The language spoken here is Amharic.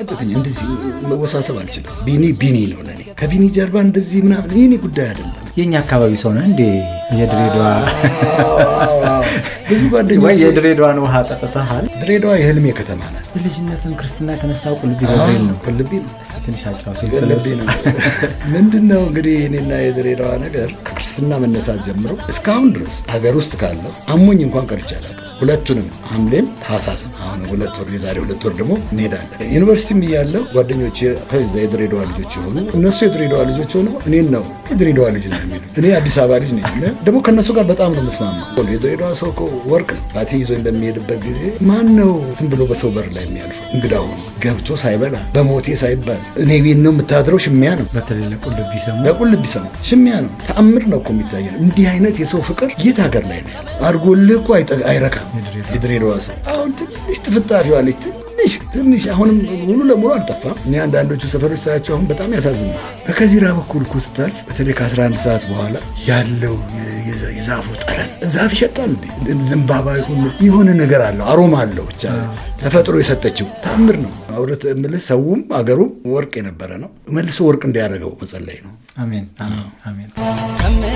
ቀጥተኛ እንደዚህ መወሳሰብ አልችልም። ቢኒ ቢኒ ነው ለኔ። ከቢኒ ጀርባ እንደዚህ ምናምን ይህኔ ጉዳይ አይደለም። የእኛ አካባቢ ሰው ነህ እንዴ? የድሬዳዋ ብዙ ጓደኛ የድሬዳዋን ውሃ ጠጥተሃል። ድሬዳዋ የህልሜ ከተማ ናት። በልጅነትም ክርስትና የተነሳው ቁልቢ ገብርኤል ነው። ቁልቢ ነው። እስኪ ትንሽ አጫውተኝ። ነው ምንድን ነው እንግዲህ እኔና የድሬዳዋ ነገር ከክርስትና መነሳት ጀምሮ እስካሁን ድረስ ሀገር ውስጥ ካለው አሞኝ እንኳን ቀርቻለሁ ሁለቱንም ሐምሌም ታህሳስም አሁን ሁለት ወር የዛሬ ሁለት ወር ደግሞ እንሄዳለን። ዩኒቨርሲቲም እያለሁ ጓደኞች ከዛ የድሬዳዋ ልጆች የሆኑ እነሱ የድሬዳዋ ልጆች ሆኑ እኔን ነው የድሬዳዋ ልጅ ነው የሚሉ እኔ አዲስ አበባ ልጅ ነው ነኝ። ደግሞ ከእነሱ ጋር በጣም ነው የምስማማ። የድሬዳዋ ሰው እኮ ወርቅ ባቴ ይዞ በሚሄድበት ጊዜ ማን ነው ዝም ብሎ በሰው በር ላይ የሚያልፈው? እንግዳ ሆኖ ገብቶ ሳይበላ በሞቴ ሳይባል እኔ ቤት ነው የምታድረው። ሽሚያ ነው፣ በተለይ ለቁልቢ ሰማ ሽሚያ ነው። ተአምር ነው እኮ የሚታየው። እንዲህ አይነት የሰው ፍቅር የት ሀገር ላይ ነው ያለ? አድርጎልህ እኮ አይረካም የድሬዳዋ ሰው አሁን ትንሽ ጥፍጣሪዋለች ትንሽ ትንሽ አሁንም ሙሉ ለሙሉ አልጠፋም። እኔ አንዳንዶቹ ሰፈሮች ሳያቸው አሁን በጣም ያሳዝናል። ከዚራ በኩል ኩስታል በተለይ ከ11 ሰዓት በኋላ ያለው የዛፉ ጠረን ዛፍ ይሸጣል እንዴ ዘንባባ ይሁን የሆነ ነገር አለው አሮማ አለው ብቻ ተፈጥሮ የሰጠችው ታምር ነው። አውረት ምልስ ሰውም አገሩም ወርቅ የነበረ ነው። መልሶ ወርቅ እንዲያደርገው መጸለይ ነው። አሜን አሜን።